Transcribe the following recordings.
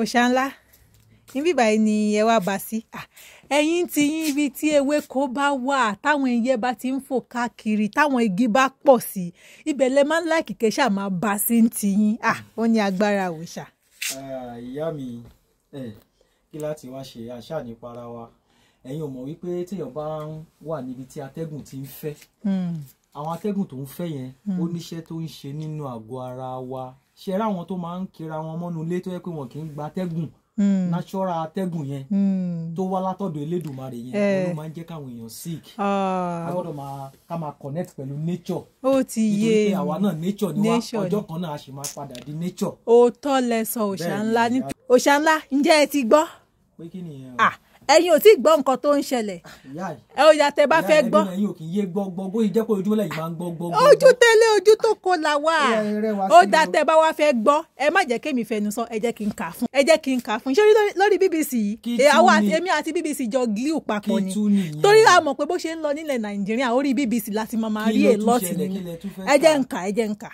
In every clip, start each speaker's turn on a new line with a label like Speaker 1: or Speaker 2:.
Speaker 1: òṣà ńlá níbí báyìí ni ẹ wá bá sí ẹ̀yin ti yín ibi tí ewéko bá wà táwọn ẹyẹ bá ti ń fò káàkiri táwọn igi bá pọ̀ sí ibẹ̀ lẹ máa ń láìkì kẹ́ ṣáà máa bá sí ń ti yín ó ní agbára òòṣà.
Speaker 2: ìyá mi kí láti wá ṣe àṣà nípa ara wa ẹ̀yin ò mọ̀ wípé téèyàn bá ń wà níbi tí atẹ́gùn ti ń fẹ́ hmm. àwọn atẹ́gùn tó ń fẹ́ yẹn ó hmm. níṣẹ́ tó ń ṣe nínú àgọ́ ara wa ṣe ra àwọn tó máa ń kira wọn mọ́nu ilé tó yẹ pé wọn kì í gba atẹ́gùn hmm. natural atẹ́gùn yẹn
Speaker 1: hmm.
Speaker 2: tó wá látọ̀dọ̀ elédùnmarè yẹn wọn eh. ló máa ń jẹ́ káwọn èèyàn sick ah. a máa ká máa connect pẹ̀lú nature ó ti yé nítorí pé àwa náà nature ni wá ọjọ́ kan náà a sì máa padà di nature. òótọ́ lẹ sọ òṣà
Speaker 1: ńlá òṣà ńlá ǹjẹ́ ẹ ti gbọ́. pé kí nìyẹn o. Ah ẹ̀yin ò tí gbọ́ nǹkan tó ń ṣẹlẹ̀ ah, ẹ ò yàtẹ̀ bá fẹ́ gbọ́. ẹ̀yin
Speaker 2: ò kì í yé gbọ́ gbọ́ bóyá jẹ́ pé ojúmọ́ lẹ́yìn máa ń gbọ́ gbọ́. ojú
Speaker 1: tẹ́lẹ̀ ojú tó kó la wá ó dá tẹ́ bá wá fẹ́ gbọ́ ẹ má jẹ́ kémi fẹnu sọ ẹ jẹ́ kí n kà fún ẹ jẹ́ kí n kà fún ṣé lórí BBC yìí àwọn àti èmi àti BBC jọ glue papọ̀ ni torí a mọ̀ pé bó ṣe ń lọ nílẹ̀ Nàìjíríà orí BBC láti máa rí èlọ́ọ̀tì ni ẹ jẹ́ n kà ẹ jẹ́ n kà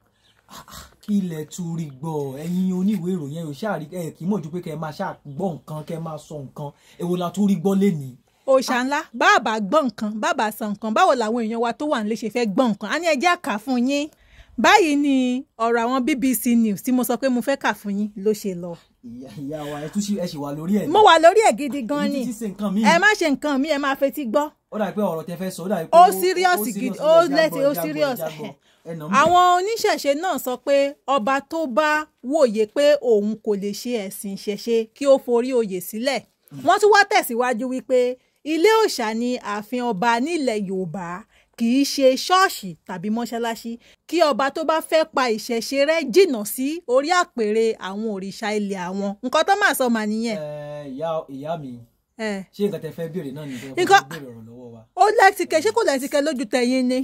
Speaker 2: kí ilẹ̀ tún rí gbọ́ ẹ̀yin oníwèé ìròyìn ẹ̀yọ̀ ṣáà rí ẹ̀ kì í mọ̀ ju pé kẹ́ ẹ máa ṣáà gbọ́ nǹkan kẹ́ ẹ máa sọ nǹkan èwo la tún rí gbọ́ lénìí.
Speaker 1: òòṣà ńlá bàbá gbọ́ nǹkan bàbá sọ nǹkan báwo làwọn èèyàn wa tó wà nílé ṣe fẹ́ gbọ́ nǹkan á ní ẹjẹ́ àká fún yín báyìí ni ọ̀rọ̀ àwọn BBC News tí mo sọ pé mo fẹ́ kà fún yín ló ṣe lọ.
Speaker 2: ìyá wa ẹ tún ṣe ẹ ṣì wà lórí ẹ. mo wà
Speaker 1: lórí ẹ gidi gan ni ẹ má ṣe nǹkan mi ẹ má fetí gbọ́.
Speaker 2: ó dà pé ọ̀rọ̀ tẹ fẹ́ sọ ó dà pé ó serious gidi ó lẹ́tí ó serious.
Speaker 1: àwọn oníṣẹ̀ṣe náà sọ pé ọba tó bá wòye pé òun kò lè ṣe ẹ̀sìn ìṣẹ̀ṣe kí ó forí oyè sílẹ̀ mm. wọ́n tún wá tẹ̀síwájú wípé ilé òòṣà ni ààfin ọba nílẹ̀ Yorùbá kì í ṣe ṣọ́ọ̀ṣì tàbí mọ́ṣáláṣí kí ọba tó bá fẹ́ pa ìṣẹ̀ṣe rẹ̀ jìnnà sí orí àpèrè àwọn òrìṣà ilẹ̀ àwọn nǹkan tó máa sọ mà nìyẹn.
Speaker 2: ìyá mi ṣé nǹkan tẹ fẹ́ béèrè náà nìyẹn fẹ́ béèrè ọ̀rọ̀ lọ́wọ́ wa.
Speaker 1: ó lẹ́tìkẹ́ ṣé kò lẹ́tìkẹ́ lójú tẹ̀yìn ni.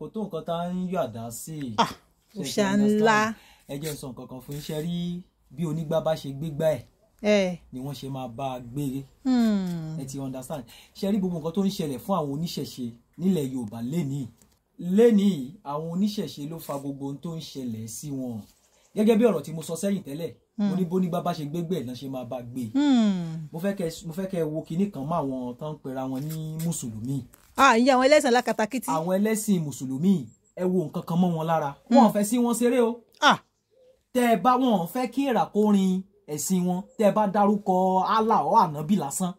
Speaker 2: kò tó nǹkan tá ń yọ àdá sí i. òṣà ńlá. ẹ sọ nǹkan kan fún iṣẹ́ rí bí onígbá bá ṣe gbégbá ẹ̀ ni wọ́n ṣe máa bá a gbére
Speaker 1: hmm.
Speaker 2: ẹ ti understand ṣe rí gbogbo nǹkan tó ń ṣẹlẹ̀ fún àwọn oníṣẹ̀ṣe nílẹ̀ Yorùbá lénìí lénìí àwọn oníṣẹ̀ṣe ló fa gbogbo ohun tó ń ṣẹlẹ̀ sí wọn gẹ́gẹ́ bí ọ̀rọ̀ tí mo sọ sẹ́yìn tẹ́lẹ̀ mo hmm. ní bóní bàbá ṣe gbégbé ẹ̀ náà ṣe máa bá gbé hmm. mo fẹ́ kẹ́ wo kinní kan mọ́ àwọn tó ń pera wọn ní mùsùlùmí. àyè àwọn ẹlẹ́sìn alákatakítí. àwọn ẹlẹ́sìn mùsùlùmí ẹ wo nǹkan kan mọ́ wọn lára wọn ò fẹ́ sí wọn ṣeré o. tẹ́ ẹ bá wọn fẹ́ kí ìràkórin ẹ̀sìn wọn tẹ́ ẹ bá dárúkọ Allah ọ̀ ànábì lásán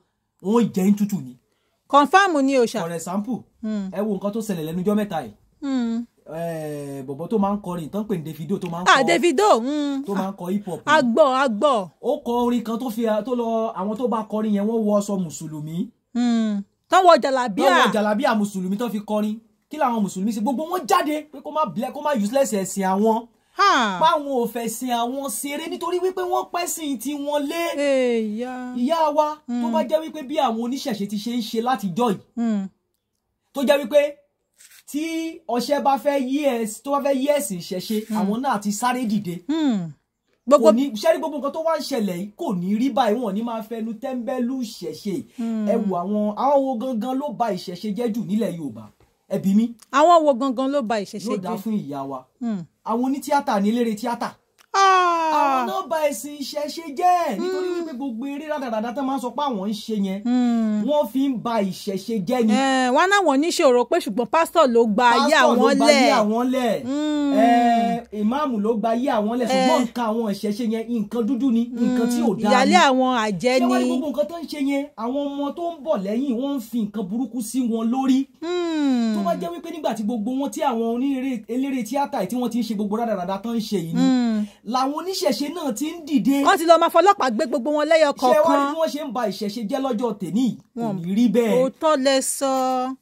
Speaker 2: wọ́n jẹ́ ń tútù ni. confam ni o ṣá. for example hmm. ẹ wo nǹkan tó ṣẹlẹ̀ lẹ́nu ọjọ́ mẹ́ta yìí hmm. eh, bọ̀bọ̀ tó máa ń kọrin ìtàn pé Davido tó máa ń ah, kọ ah Davido hmm. tó máa ń kọ hip hop. agbọ́ agbọ́. ó kọ orin kan tó fi tó lọ àwọn tó bá kọrin yẹn wọ́n wọ aṣọ mùsùlùmí. tọ́wọ́ jàlábíà tọ́wọ́ jàlábíà mùsùlùmí tó fi kọrin kí làwọn mùsùlùmí ṣe gbogbo wọn jáde pé kó má useless ẹ̀sìn àwọn báwọn ò fẹ̀sìn àwọn ṣeré nítorí wípé wọ́n pẹ́sìn tí wọ́n lé ìyá wa tó bá hmm. jẹ́ wípé bí àwọn oníṣẹ̀ṣe ti ṣe ń ṣe látijọ́ yìí hmm. tó jẹ́ wípé tí ọṣẹ bá fẹ́ yí ẹ̀sìn tó bá fẹ́ yí ẹ̀sìn ìṣẹ̀ṣe hmm. àwọn náà ti sáré dìde kò ní sẹ́rí gbogbo nǹkan tó wá ń ṣẹlẹ̀ yìí kò ní rí báyìí wọn ní máa fẹnu tẹ́ńbẹ́lú ìṣẹ̀ṣe ẹ àwọn àwọn wo gangan ló ba ìṣẹ̀ṣe jẹ́ jù nílẹ̀ Yorùbá ẹbí mi. àwọn wo gangan ló ba ìṣẹ̀ṣe jẹ́. yóò dá fún ìyá wa. Hmm. àwọn onítíátà ní eléré tíátà. ah àwọn ah. náà bà ẹ̀sìn ìṣẹ̀ṣe jẹ́ nítorí hmm. wípé gbogbo eré rádaràdá tó máa ń sọ pé àwọn ń ṣe yẹn hmm. wọ́n fi ń bà ìṣẹ̀ṣe jẹ́ ni.
Speaker 1: wọn náà wọn níṣòro pé ṣùgbọ́n pásítọ̀
Speaker 2: ló gba ayé àwọn lẹ̀ pásítọ̀ ló gba ayé àwọn lẹ̀ hmm. eh, ìmáàmù ló gba ayé àwọn lẹ̀ ṣùgbọ́n eh. nǹkan àwọn ìṣẹ̀ṣe yẹn nǹkan dúdú ni nǹkan tí ò dáa ni ìyálé àwọn àjẹ́ ni ṣé wọ́n ní gbogbo nǹkan tó ń ṣe yẹn àwọn ọmọ tó ń bọ̀ lẹ́yìn wọ́n ń fi nǹkan burúkú sí wọn lórí tó bá jẹ́ wípé nígbà tí gbogbo wọn tí àwọn eléré tíátà tí wọ́n ti ń ṣe gbogbo rádaràdá tó ń ṣe yìí ni làwọn oníṣ oníṣẹ̀ṣe náà ti ń dìde. wọ́n ti lọ máa fọlọ́pàá gbé gbogbo wọn lẹ́yọ kọ̀ọ̀kan. ṣé wàá ní bí wọ́n ṣe ń ba ìṣẹ̀ṣe jẹ́ lọ́jọ́ tèmi kò ní rí bẹ́ẹ̀. òótọ́ lẹ sọ.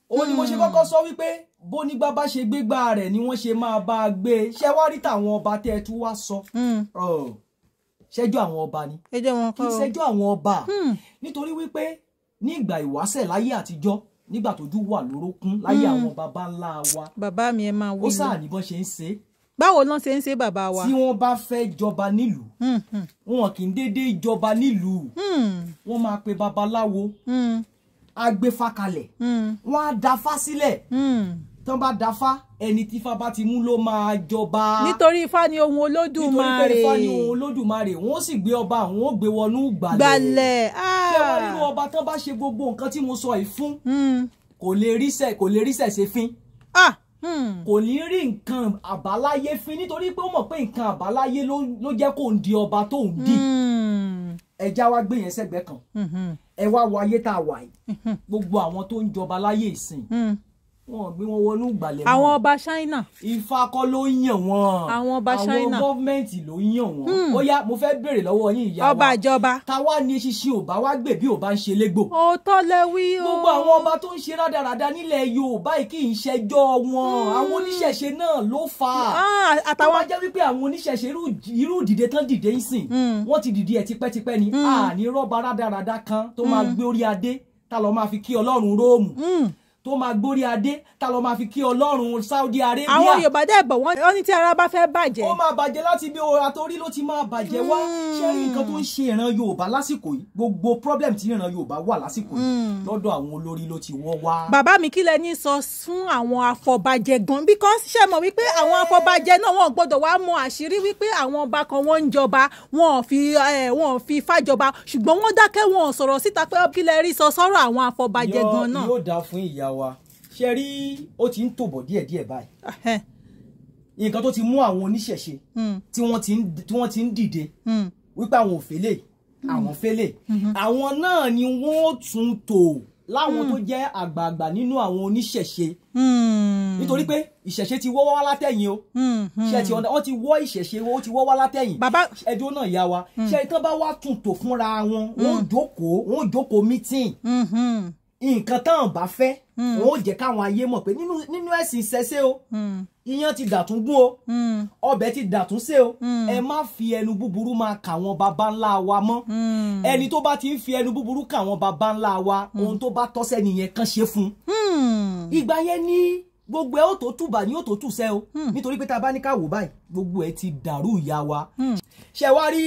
Speaker 2: ó ní mo ṣe hmm. kọ́kọ́ sọ wípé bó ní bá bá ṣe gbégbá rẹ̀ ni wọ́n ṣe máa bá a gbé ṣé wàá rí tàwọn ọba tẹ́ ẹ tún wá sọ hmm. ṣẹjọ́ àwọn ọba ni ẹjọ́ wọn kọ́ kì í ṣẹjọ́ àwọn ọba hmm. nítorí wípé ní ìgbà ìwáṣẹ̀ láyé àtijọ́ nígbà tójú wà lórókún láyé àwọn baba ńlá wa bàbá mi ẹ máa wí lọ ó sáà ní bọ́n ṣe ń ṣe é báwo ló ń ṣe ń ṣe bàbá wa. tí wọ́n bá fẹ́ jọba nílùú hmm, hmm. wọn kì í déédéé jọba nílùú hmm. wọ́n máa pe babaláwo agbèfà kalẹ̀ wọ́n á dafá sílẹ̀ tán bá dafá ẹni tí ifá bá ti mú ló máa jọba.
Speaker 1: nítorí ifá ni ohun olódùmarè nítorí ifá ni ohun
Speaker 2: olódùmarè wọ́n sì gbé ọba àwọn ò gbé wọnú gbàlẹ̀. gbàlẹ̀ ṣé wọ́n ah. nínú ọba tán bá ṣe gbogbo nǹkan tí mo sọ yìí fún kò lè ríṣẹ̀ kò lè ríṣẹ̀ ṣe fín. ah Hmm. kò ní rí nǹkan àbáláyé fín nítorí pé ó mọ̀ pé nǹkan àbáláyé ló jẹ́ kó ń di ọba tó ń di hmm. ẹja wa gbé yẹn sẹ́gbẹ̀ẹ́ kan hmm. ẹ wá wo ayé tá a wà yìí gbogbo àwọn tó ń jọba láyé ìsìn wọn gbé wọn wọnú ìgbàlẹ̀ mọ́. àwọn ọba ṣáínà. ifá kọ́ ló yàn wọn. àwọn ọba ṣáínà. àwọn gọ́ọ̀mẹ̀ntì ló yàn wọn. Hmm. ó yá mo fẹ́ béèrè lọ́wọ́ yín ìyá wa. ọba ìjọba. ta wá ní ṣíṣe ò bá wá gbè bí ò bá ń ṣe légbò. òótọ́ lẹ wí o. gbogbo àwọn ọba tó ń ṣe rádaràda nílẹ̀ yorùbá kì í ṣẹjọ́ wọn. Hmm. àwọn oníṣẹ̀ṣe náà ló fà á. Ah, tó bá jẹ́ wípé àwọn oníṣẹ̀ṣe irú dìde tán dìde ń hmm. wọ́n ti dìde ẹ̀ tipẹ́tipẹ́ ni. àní rọ́bà rádaràda kan tó máa gbé orí adé tá lọ máa fi kí ọlọ́run róòmù tó máa gbórí adé tá lọ máa fi kí ọlọ́run Saudi Arabia. àwọn yorùbá dẹ̀ bọ̀ wọ́n ní tí ara bá fẹ́ bàjẹ́. ó máa bàjẹ́ láti bí ora torí ló ti máa bàjẹ́ wá ṣé nǹkan tó ń ṣe ìran yorùbá lásìkò yìí gbogbo problem tí ìran yorùbá wà lásìkò yìí hmm. lọ́dọ̀ àwọn olórí ló ti wọ́ wá.
Speaker 1: bàbá mi kí lẹ ní sọ fún àwọn afọbajẹ gan because ṣe mọ̀ wípé àwọn afọbajẹ náà wọn gbọ́dọ̀ wá mọ àṣírí wípé àwọn ọba kan wọn ń jọba wọn ò fi eh, wọn ò fi fàjọba ṣùgbọ́n wọ́n dákẹ́ wọn ò sọ̀rọ̀ síta pé kí lẹ rí sọ sọ́rọ̀ àwọn afọbajẹ gan náà. yóò
Speaker 2: dáa fún ìyá ìyá wa ṣe rí ó ti ń tòbọ̀ díẹ̀díẹ̀ báyìí nǹkan tó ti mú àwọn oníṣẹ̀ṣe hmm. tí wọ́n ti ń dìde hmm. wípé àwọn ò hmm. àwọn fẹ́lẹ̀ àwọn náà ni wọ́n tún tò láwọn tó jẹ́ àgbààgbà nínú àwọn oníṣẹ̀ṣe nítorí pé ìṣẹ̀ṣe ti wọ́ wá látẹ̀yìn o ṣe ti wọ́n ti wọ́ ìṣẹ̀ṣe ó ti wọ́ wá látẹ̀yìn ẹjọ́ náà yá wa ṣe tán bá wá tún tò fúnra wọn wọ́n jókòó wọ́n jókòó mítìn nǹkan tán bá fẹ́ wọn ò jẹ́ káwọn ayé mọ̀ pé nínú ẹ̀sìn ṣẹṣẹ́ o hmm. iyán ti dàtún gún o hmm. ọbẹ̀ ti dàtún ṣe o hmm. ẹ má fi ẹnu búburú máa kà wọn baba ńlá wa mọ́ ẹni tó bá ti ń fi ẹnu búburú kà wọn baba ńlá wa ohun tó bá tọ́sẹ̀ nìyẹn kan ṣe fún un ìgbà yẹn ní gbogbo ẹ ó tó tùbà ní ó tó tùsẹ o nítorí pé tá a bá ní ká wò báyìí gbogbo ẹ ti dàrú ìyá wa ṣe wá rí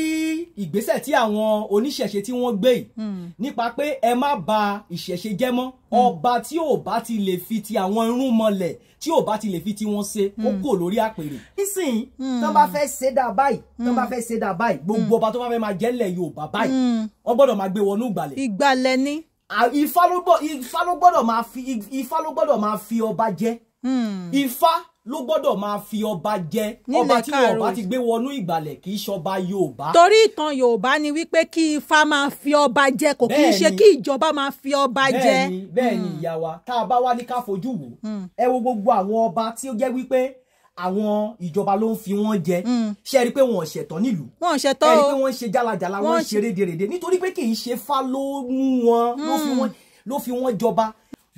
Speaker 2: ìgbésẹ̀ tí àwọn oníṣẹ̀ṣe tí wọ́n gbé yìí hmm. nípa pé ẹ má bà ìṣẹ̀ṣe jẹ́ mọ́ hmm. ọba tí ò bá ti lè fi ti àwọn irun mọlẹ̀ tí ò bá ti lè fi ti wọn ṣe ó hmm. kò lórí àpèrè. nísìnyí tó bá fẹ́ ṣe dà báyìí tó bá fẹ́ ṣe dà báyìí gbogbo ọba tó bá fẹ́ máa jẹ́lẹ̀ Yorùbá báyìí wọ́n gbọ́dọ̀ máa gbé wọnú ìgbàlẹ̀. ìgbàlẹ̀ ni. ifá ló gbọ́dọ̀ máa fi ọba jẹ́ ifá ló gbọ́dọ̀ máa fi ọba jẹ ọba tí yorùbá ti gbé wọnú ìgbàlẹ̀ kì í ṣọba yorùbá. torí ìtàn yorùbá ni wípé
Speaker 1: kí ifá máa fi ọba jẹ kò kì í ṣe kí ìjọba máa fi ọba jẹ. bẹ́ẹ̀ni
Speaker 2: bẹ́ẹ̀ni hmm. ìyá wa tá a bá wá ní ká fojú wò hmm. ẹ wo gbogbo àwọn ọba tí ó jẹ́ wípé àwọn ìjọba ló ń fi wọn jẹ hmm. ṣe rí i pé wọn ò ṣẹ̀tọ́ nílùú wọn ò ṣẹ̀tọ́ o ẹ rí i pé wọn ń ṣe jálajàla wọn ń ṣe rédèrèdè nítorí pé kì í ṣe fá ló mú wọn ló fi wọn jọba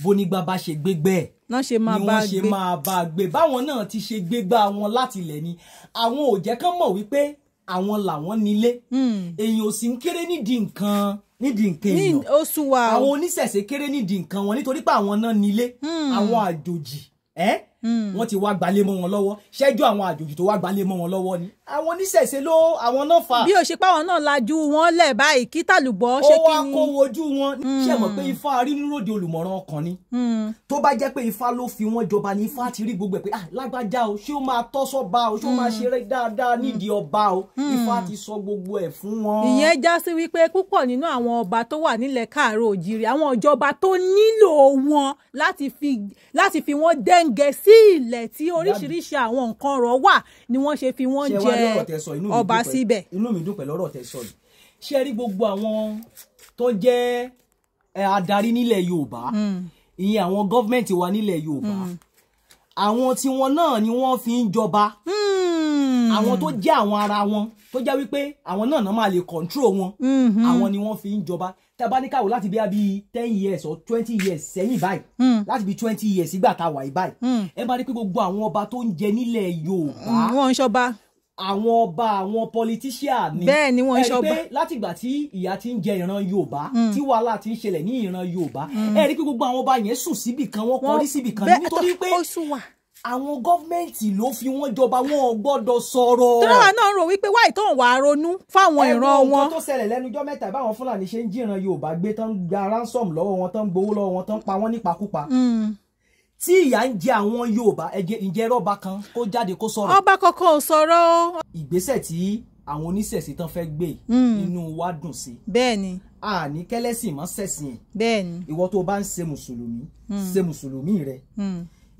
Speaker 2: bónígbà bá ṣe gbégbé ẹ̀ náà ṣe máa bá gbé ni wọ́n ṣe máa bá gbé báwọn náà ti ṣe gbégbá wọn láti ilẹ̀ ni àwọn ò jẹ́ kán mọ̀ wípé àwọn làwọn nílé hmm. èèyàn ò sì ń kéré nídìí nǹkan nídìí nǹkan èèyàn àwọn oníṣẹ̀ṣe kéré nídìí nǹkan wọn nítorí pé àwọn náà nílé hmm. àwọn àjòjì ẹ́ eh? Hmm. wọ́n ti wá gbalé mọ́ wọn lọ́wọ́ ṣẹ́jú àwọn àjòjì tó wá gbalé mọ́ wọn lọ́wọ́ ni. àwọn oníṣẹ̀ṣe ló àwọn náà fà. bí o ṣe páwọn náà lajú wọn lẹ̀ báyìí kí tàlùbọ̀ ṣe kí ni. ó wá kó ojú wọn ṣe mọ̀ pé hmm. ifá arínúròde olùmọ̀ràn ọkàn ni. Hmm. tó bá jẹ́ pé ifá ló fi wọ́n jọba ní ifá ti rí gbogbo ẹ̀ pé ah lágbájá o ṣé ó máa tọ́sọ́ bá o ṣé ó máa ṣeré dáadáa nídìí ọba o ifá ti sọ gbogbo ẹ̀ fún wọn. ìyẹn
Speaker 1: já sí wípé púpọ̀ nínú àwọn ọba tó wà nílẹ̀ káàárọ̀ òjìrì àwọn ìjọba tó nílò wọn láti fi wọ́n dẹ́ǹgẹ̀ sí orí ilẹ̀ tí oríṣiríṣi àwọn
Speaker 2: nǹkan ọ̀rọ̀ wà ni wọ́n ṣe fi wọ́n jẹ ọba síbẹ̀. inú mi dùn pẹ̀lú ọ̀rọ̀ tẹ́ sọ yìí ṣe rí gbogbo àwọn tó jẹ́ adarí nílẹ̀ Yorùbá hmm. ìyẹn àwọn gọ́fìmẹ̀ntì wa nílẹ̀ Yorùbá hmm. àwọn tiwọn náà ni wọ́n fi ń jọba hmm. àwọn tó jẹ́ àwọn ara wọn tó jẹ́ wípé àwọn náà náà máa lè control wọn mhm. àwọn ni wọ́n fi ń jọba tá a bá ní káwọ́ láti bí abí ten years or twenty years sẹ́yìn báyìí hmm. láti bí twenty years ìgbà tá a wà yìí báyìí hmm. ẹ bá rí pé gbogbo àwọn ọba tó ń jẹ nílẹ̀ Yorùbá hmm, wọn ń ṣọba àwọn ọba àwọn politician ni bẹ́ẹ̀ ni wọ́n ń ṣọba ẹ rí pé láti ìgbà tí ìyà ti ń jẹ ìran Yorùbá tí wàhálà ti ń ṣẹlẹ̀ ní ìran Yorùbá ẹ rí pé gbogbo àwọn ọba yẹn sùn síbì kan wọ́n kọrí síbì kan nítorí pé àwọn gọ́fìmẹ̀ntì ló fi wọ́n jọba wọn ò gbọ́dọ̀ sọ̀rọ̀. tọ́lá náà
Speaker 1: rò wípé wáyé tó ń wà á ronú fáwọn ìran wọn. ẹ̀rọ
Speaker 2: tó ṣẹlẹ̀ lẹ́nu ọjọ́ mẹ́ta báwọn fúlàní ṣe ń jíran yorùbá gbé tán gba ransom lọ́wọ́ wọn tán gbowó lọ́wọ́ wọn tán pa wọ́n nípakúpa. Hmm. tí ìyà ń jẹ àwọn yorùbá ǹjẹ́ rọ́ọ̀bà kan kó jáde kó sọ̀rọ̀. ọba kankan ò sọ̀rọ̀. ìgbésẹ̀ tí àwọn oníṣẹ̀ṣe tán fẹ́ gbé hmm. inú wa dùn sí. bẹ́ẹ̀ni àní kẹ́lẹ́sìn mọ́ ṣẹ̀sìn. bẹ́ẹ̀ni ìwọ tó bá ń ṣe mùsùlùmí hmm. ṣe mùsùlùmí rẹ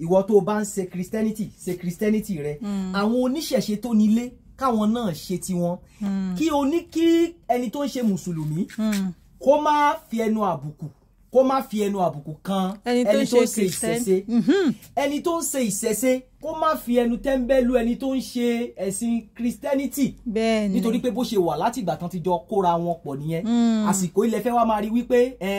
Speaker 2: ìwọ tó o bá ń ṣe christianity ṣe christianity rẹ hmm. àwọn oníṣẹ̀ṣe tó nílé káwọn náà ṣe tiwọn hmm. kí o ní kí ẹni tó ń ṣe mùsùlùmí hmm. kó má fi ẹnu àbùkù kó má fi ẹnu àbùkù kan ẹni tó ń ṣe ìṣẹ̀ṣe mhm. ẹni tó ń ṣe ìṣẹ̀ṣe kó má fi ẹnu tẹ́ńbẹ́lú ẹni tó ń ṣe ẹ̀sìn christianity bẹ́ẹ̀ni nítorí pé bó ṣe wà láti ìgbà tán ti jọ kóra wọn pọ̀ nìyẹn àsìkò ilẹ̀ fẹ́ wá máa rí wípé ẹ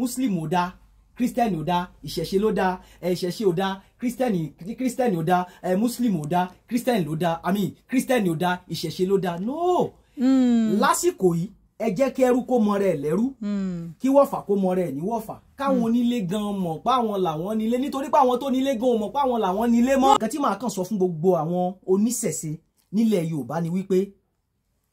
Speaker 2: muslim ò dáa kírísítẹ́nì ò dá ìṣẹ̀ṣe ló dá ìṣẹ̀ṣe ò dá kírísítẹ́nì kírísítẹ́nì ò dá mùsùlùmí ò dá kírísítẹ́nì ló dá àmì kírísítẹ́nì ò dá ìṣẹ̀ṣe ló dá no hmm. lásìkò yìí ẹ jẹ́ kí ẹrú kó mọ rẹ̀ lẹ́rú hmm. kí wọ́fà kó mọ rẹ̀ ní wọ́fà káwọn hmm. onílé gan mọ̀ pé àwọn làwọn nílé nítorí pé àwọn tó nílé gan mọ̀ pé àwọn làwọn nílé mọ́. nǹkan tí màá kàn sọ fún gbogbo àwọn oníṣẹ̀ṣe nílẹ̀ Yorùbá ni wípé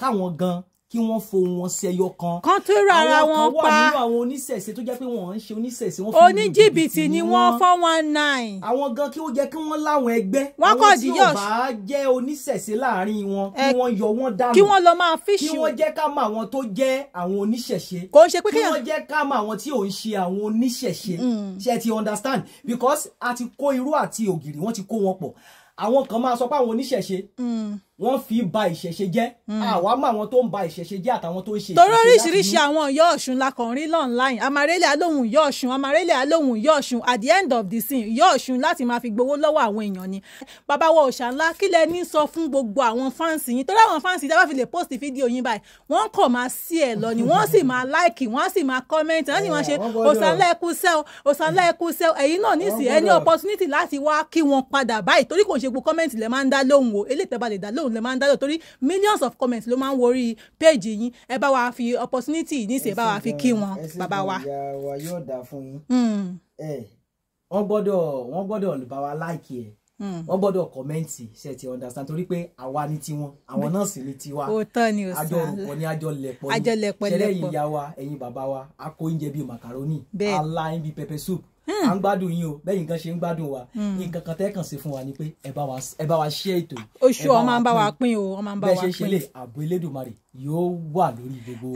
Speaker 2: káwọn gan kí wọ́n fohùn wọn sí ẹyọ kan. kan tó rárá wọn pa àwọn kan wà nínú àwọn oníṣẹ̀ṣe tó jẹ́ pé wọ́n ń ṣe oníṣẹ̀ṣe. oníjìbìtì ni wọ́n four one nine. àwọn gan kí ó jẹ́ kí wọ́n láwọn ẹgbẹ́. wọ́n kọ̀ sí yọ̀ àwọn tí ò bá jẹ́ oníṣẹ̀ṣe láàrin wọn kí wọ́n yọ wọ́n dànù. kí wọ́n lọ máa fíṣù. kí wọ́n jẹ́ ká mọ àwọn tó jẹ́ àwọn oníṣẹ̀ṣe. kò ń ṣe pé kéèyàn. kí wọ́n jẹ́ ká mọ àwọn tí ò ń ṣe àwọn oníṣẹ̀ṣe. Mm wọ́n fi ba ìṣẹ̀ṣe jẹ́ hmm. àwa mọ àwọn tó ń ba ìṣẹ̀ṣe jẹ́ àtàwọn tó ń ṣe ìṣẹ̀ṣe láti ní. torí oríṣiríṣi
Speaker 1: àwọn ìyá ọ̀ṣun la kàn rí online amarele alóhùn ìyá ọ̀ṣun amarele alóhùn ìyá ọ̀ṣun at the end of the scene ìyá ọ̀ṣun láti máa fi gbowó lọ́wọ́ àwọn èèyàn ni. bàbá wa òòṣà ńlá kí lẹ ní sọ fún gbogbo àwọn fáǹsì yín torí àwọn fáǹsì tẹ́ bá fi lè post fídíò yín báyìí wọ́n kàn máa sí ẹ̀ lọ ni wọ́n sì máa like wọ́n comment wọ́n sì máa ṣe òsànlá ẹkú sẹ́l òsànlá ẹkú sẹ́l ẹ̀yin náà nísìnyí ẹ opportunity láti wá kí wọn padà báyìí torí kò ń ṣe gbogbo comment lẹ máa ń dá lóhùn o eléyìí lòun lè máa ń dájọ́ torí millions of comments ló máa ń worí péèjì yín ẹ bá wa fi opportunity níṣe ẹ bá wa fi kí wọn bàbá wa. ẹsẹ̀
Speaker 2: ìyá wa yóò dà fún yín hmm. ẹ wọ́n gbọ́dọ̀ wọ́n gbọ́dọ̀ bá wa láìkì ẹ̀ hmm. wọ́n gbọ́dọ̀ kọ́mẹ́ǹtì ṣe ti understand torí pé àwa ni tiwọn àwọn náà sì ni tiwa àjọ orúkọ ni àjọ lẹ̀pọ̀ ni ṣẹlẹ̀ yìí ìyá wa ẹ̀yin bàbá wa a kó oúnjẹ bíi macaroni aláìn bíi pepper soup à ń hmm. gbádùn yín o bẹ́ẹ̀ nǹkan ṣe ń gbádùn wa hmm. nǹkan kan tẹ́ kàn sí fún wa ni pé ẹ bá wa ṣe ètò. oṣù bá wa
Speaker 1: pín o ọmọ bá wa pín. bẹ́ẹ̀ ṣe ṣe lè
Speaker 2: àbò yóò wà lórí gbogbo.